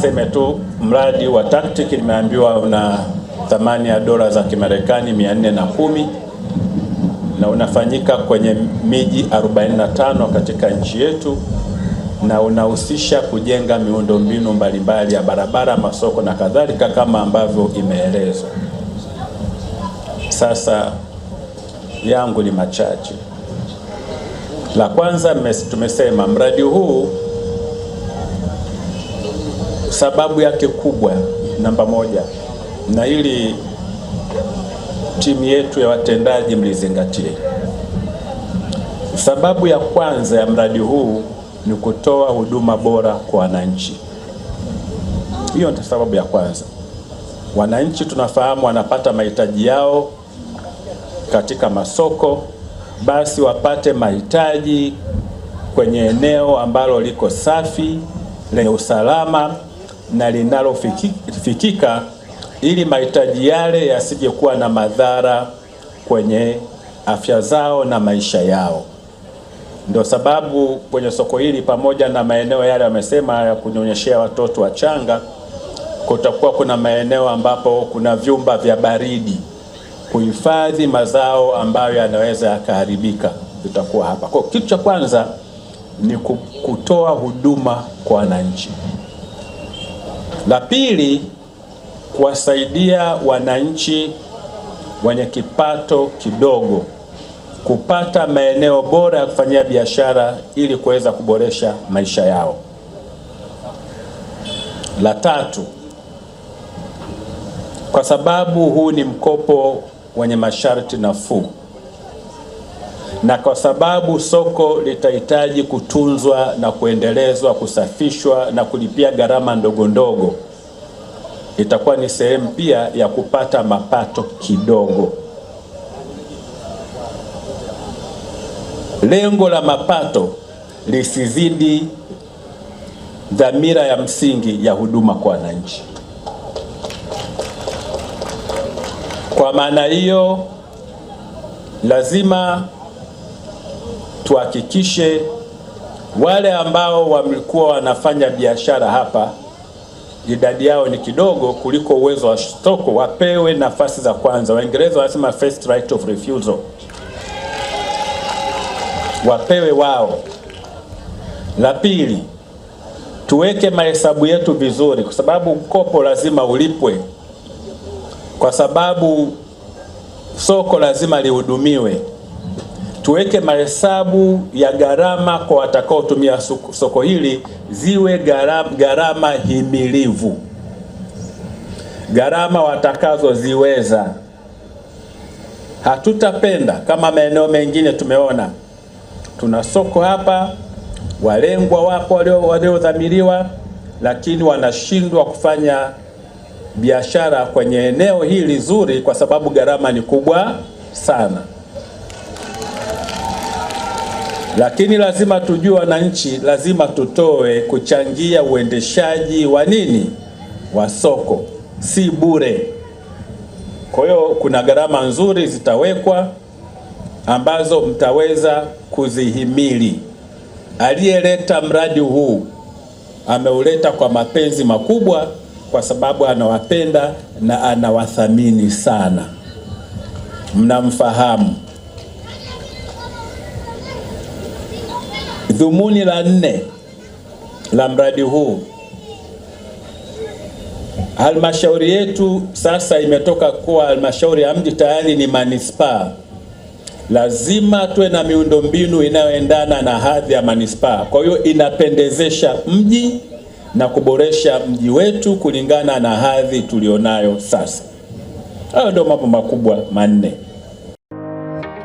niseme tu mradi wa TACTIC nimeambiwa una thamani ya dola za Kimarekani 410 na unafanyika kwenye miji 45 katika nchi yetu na unahusisha kujenga miundombinu mbalimbali ya barabara, masoko na kadhalika kama ambavyo imeelezwa. Sasa yangu ni machache. La kwanza, tumesema mradi huu sababu yake kubwa namba moja, na hili timu yetu ya watendaji mlizingatie. Sababu ya kwanza ya mradi huu ni kutoa huduma bora kwa wananchi. Hiyo ndio sababu ya kwanza. Wananchi tunafahamu wanapata mahitaji yao katika masoko, basi wapate mahitaji kwenye eneo ambalo liko safi lenye usalama na linalofikika ili mahitaji yale yasijekuwa na madhara kwenye afya zao na maisha yao. Ndio sababu kwenye soko hili pamoja na maeneo yale wamesema ya kunyonyeshea watoto wachanga, kutakuwa kuna maeneo ambapo kuna vyumba vya baridi kuhifadhi mazao ambayo yanaweza yakaharibika, vitakuwa hapa. Kwa kitu cha kwanza ni kutoa huduma kwa wananchi. La pili, kuwasaidia wananchi wenye kipato kidogo kupata maeneo bora ya kufanyia biashara ili kuweza kuboresha maisha yao. La tatu, kwa sababu huu ni mkopo wenye masharti nafuu na kwa sababu soko litahitaji kutunzwa na kuendelezwa, kusafishwa na kulipia gharama ndogo ndogo, itakuwa ni sehemu pia ya kupata mapato kidogo. Lengo la mapato lisizidi dhamira ya msingi ya huduma kwa wananchi. Kwa maana hiyo lazima tuhakikishe wale ambao walikuwa wanafanya biashara hapa idadi yao ni kidogo kuliko uwezo wa soko, wapewe nafasi za kwanza. Waingereza wanasema first right of refusal, wapewe wao. La pili, tuweke mahesabu yetu vizuri, kwa sababu mkopo lazima ulipwe, kwa sababu soko lazima lihudumiwe tuweke mahesabu ya gharama kwa watakaotumia soko hili ziwe gharama himilivu, gharama watakazoziweza. Hatutapenda kama maeneo mengine tumeona tuna soko hapa, walengwa wapo waliodhamiriwa, lakini wanashindwa kufanya biashara kwenye eneo hili zuri kwa sababu gharama ni kubwa sana lakini lazima tujue, wananchi lazima tutoe kuchangia uendeshaji wa nini wa soko, si bure. Kwa hiyo kuna gharama nzuri zitawekwa ambazo mtaweza kuzihimili. Aliyeleta mradi huu ameuleta kwa mapenzi makubwa, kwa sababu anawapenda na anawathamini sana, mnamfahamu. Dhumuni la nne la mradi huu, halmashauri yetu sasa imetoka kuwa halmashauri ya mji tayari ni manispaa. Lazima tuwe na miundombinu inayoendana na hadhi ya manispaa, kwa hiyo inapendezesha mji na kuboresha mji wetu kulingana na hadhi tulionayo sasa. Hayo ndio mambo makubwa manne.